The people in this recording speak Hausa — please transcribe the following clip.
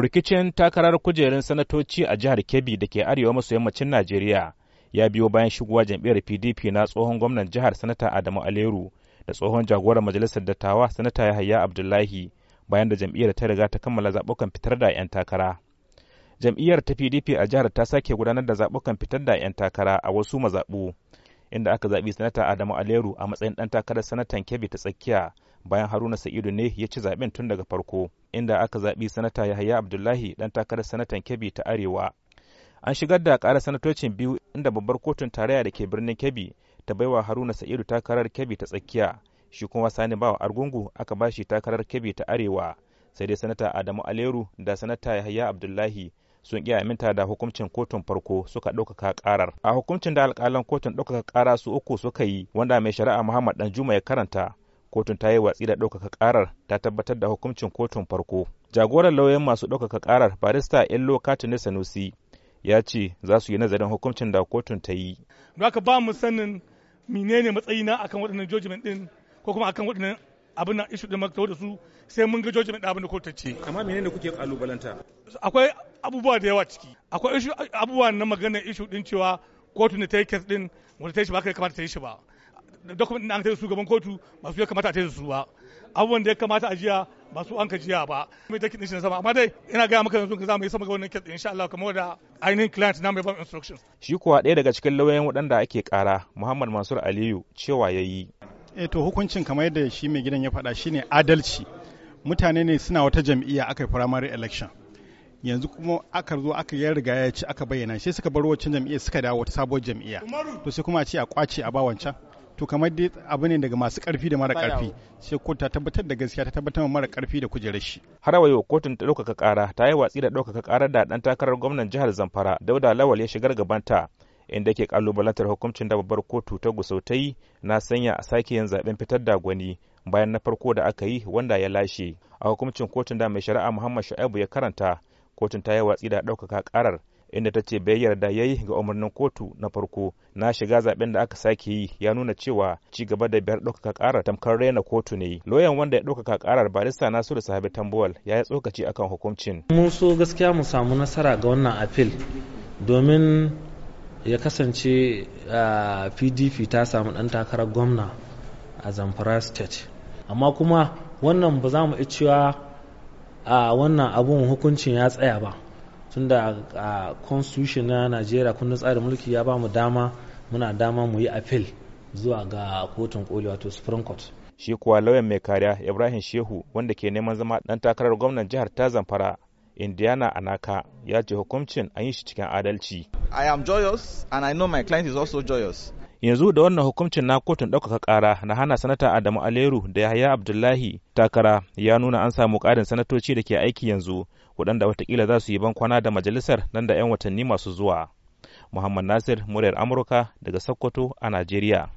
rikicin takarar kujerun sanatoci a jihar kebbi da ke arewa maso yammacin najeriya ya biyo bayan shigowa jam'iyyar pdp na tsohon gwamnan jihar sanata adamu aleru da tsohon jagorar majalisar dattawa sanata yahaya abdullahi bayan da jam'iyyar ta riga ta kammala zaɓukan fitar da 'yan takara jam'iyyar ta pdp a jihar ta sake gudanar da zaɓukan fitar da 'yan takara a wasu mazaɓu inda aka zaɓi sanata adamu aleru a matsayin ɗan takarar sanatan kebbi ta tsakiya bayan haruna sa'idu ne ya ci zaɓen tun daga farko inda aka zaɓi sanata Yahaya Abdullahi ɗan takarar sanatan Kebbi ta Arewa. An shigar da ƙarar sanatocin biyu inda babbar kotun tarayya da ke birnin Kebbi ta baiwa Haruna Sa'idu takarar Kebbi ta tsakiya, shi kuma Sani Bawa Argungu aka bashi takarar Kebbi ta Arewa. Sai dai sanata Adamu Aleru da sanata Yahaya Abdullahi sun iya aminta da hukuncin kotun farko suka ɗaukaka ƙarar. A hukuncin da alƙalan kotun ɗaukaka ƙara su uku suka yi wanda mai shari'a Muhammad Danjuma ya karanta kotun ta yi watsi da ɗaukaka ƙarar ta tabbatar da hukuncin kotun farko jagoran lauyan masu ɗaukaka ƙarar barista ello katine sanusi ya ce za su yi nazarin hukuncin da kotun ta yi haka ba mu sanin menene matsayina akan waɗannan judgment ɗin ko kuma akan waɗannan abin nan issue da maka da su sai mun ga judgment ɗin abin da kotun ce amma menene kuke kalubalanta akwai abubuwa da yawa ciki akwai abubuwa na magana issue ɗin cewa kotun da ta yi case ɗin wanda ta yi shi ba kai kamata ta yi shi ba document an kai su gaban kotu ba su ya kamata a tayi su ba abubuwan da ya kamata a jiya ba su an ka jiya ba mai take din shi na sama amma dai ina ga maka yanzu za mu yi sama ga wannan case insha Allah kamar da ainihin client na mai ba instructions shi kuwa ɗaya daga cikin lauyoyin waɗanda ake ƙara Muhammad Mansur Aliyu cewa yayi eh to hukuncin kamar yadda shi mai gidan ya faɗa shine adalci mutane ne suna wata jam'iyya aka yi primary election yanzu kuma aka zo aka yi riga ya ci aka bayyana sai suka bar wacce jam'iyyar suka dawo wata sabuwar jam'iyya to sai kuma a ce a kwace a ba wancan to kamar dai abu ne daga masu karfi da mara karfi sai kotu ta tabbatar da gaskiya ta tabbatar da mara karfi da kujerar shi har wayo kotun ta ɗaukaka kara ta yi watsi da ɗaukaka karar da dan takarar gwamnan jihar zamfara dauda lawal ya shigar gabanta inda ke kalubalantar hukuncin da babbar kotu ta gusautai na sanya a sake yin zaben fitar da gwani bayan na farko da aka yi wanda ya lashe a hukuncin kotun da mai shari'a muhammad shu'aibu ya karanta kotun ta yi watsi da daukaka karar. inda ta ce bai da ya yi ga umarnin kotu na farko na shiga zaben da aka sake yi ya nuna cewa ci gaba da biyar ɗaukaka ƙarar tamkar raina kotu ne loyan wanda ya ɗaukaka ƙarar barista nasiru sahabi tambuwal ya yi tsokaci akan hukuncin. mun so gaskiya mu samu nasara ga wannan apil domin ya kasance pdp ta samu ɗan takarar gwamna a zamfara state amma kuma wannan ba za mu cewa a wannan abun hukuncin ya tsaya ba tun da a constitution na najeriya kundin tsarin mulki ya ba mu dama muna dama mu yi appeal zuwa ga kotun koli wato supreme court shi kuwa lauyan mai kariya ibrahim shehu wanda ke neman zama dan takarar gwamnan jihar ta zamfara indiana anaka ya ce hukuncin an yi shi cikin adalci i am joyous and i know my client is also joyous yanzu da wannan hukuncin na kotun ɗaukaka ƙara na hana sanata adamu aleru da yahaya abdullahi takara ya nuna an samu ƙarin sanatoci da ke aiki yanzu waɗanda watakila za su yi bankwana da majalisar nan da 'yan watanni masu zuwa muhammad nasir muryar amurka daga sokoto a najeriya